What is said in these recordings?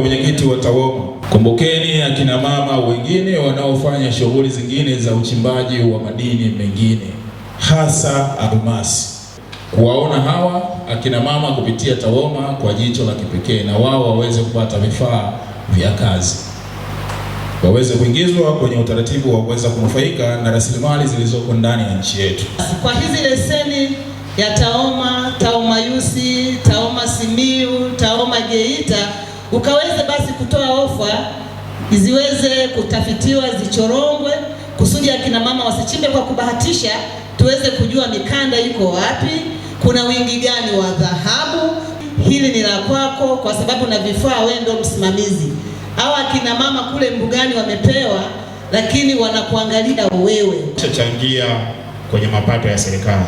Mwenyekiti wa TAWOMA, kumbukeni akina mama wengine wanaofanya shughuli zingine za uchimbaji wa madini mengine hasa almasi. Kuwaona hawa akina mama kupitia TAWOMA kwa jicho la kipekee, na wao waweze kupata vifaa vya kazi, waweze kuingizwa kwenye utaratibu wa kuweza kunufaika na rasilimali zilizoko ndani ya nchi yetu kwa hizi leseni ya TAWOMA TAWOMA ukaweze basi kutoa ofa ziweze kutafitiwa, zichorongwe, kusudi akina mama wasichimbe kwa kubahatisha, tuweze kujua mikanda iko wapi, kuna wingi gani wa dhahabu. Hili ni la kwako, kwa sababu na vifaa wewe ndio msimamizi. Hawa akina mama kule mbugani wamepewa, lakini wanakuangalia wewe. Chachangia kwenye mapato ya serikali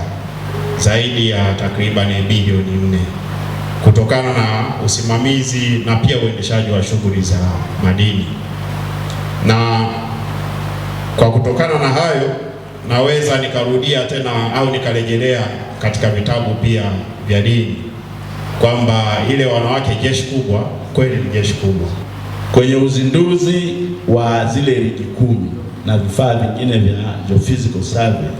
zaidi ya takribani bilioni nne kutokana na usimamizi na pia uendeshaji wa shughuli za madini, na kwa kutokana na hayo naweza nikarudia tena au nikarejelea katika vitabu pia vya dini kwamba ile wanawake jeshi kubwa kweli ni jeshi kubwa. Kwenye uzinduzi wa zile rigi kumi na vifaa vingine vya geophysical survey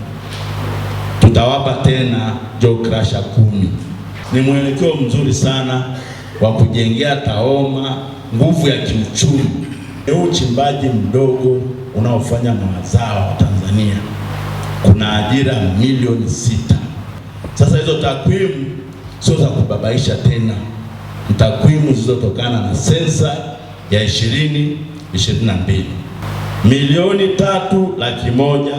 tutawapa tena geocrusher kumi ni mwelekeo mzuri sana wa kujengea taoma nguvu ya kiuchumi. Ni uchimbaji mdogo unaofanya mazao Tanzania, kuna ajira milioni sita. Sasa hizo takwimu sio za kubabaisha tena, ni takwimu zilizotokana na sensa ya 2022 milioni tatu laki moja,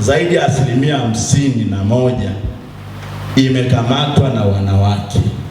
zaidi ya asilimia hamsini na moja imekamatwa na wanawake.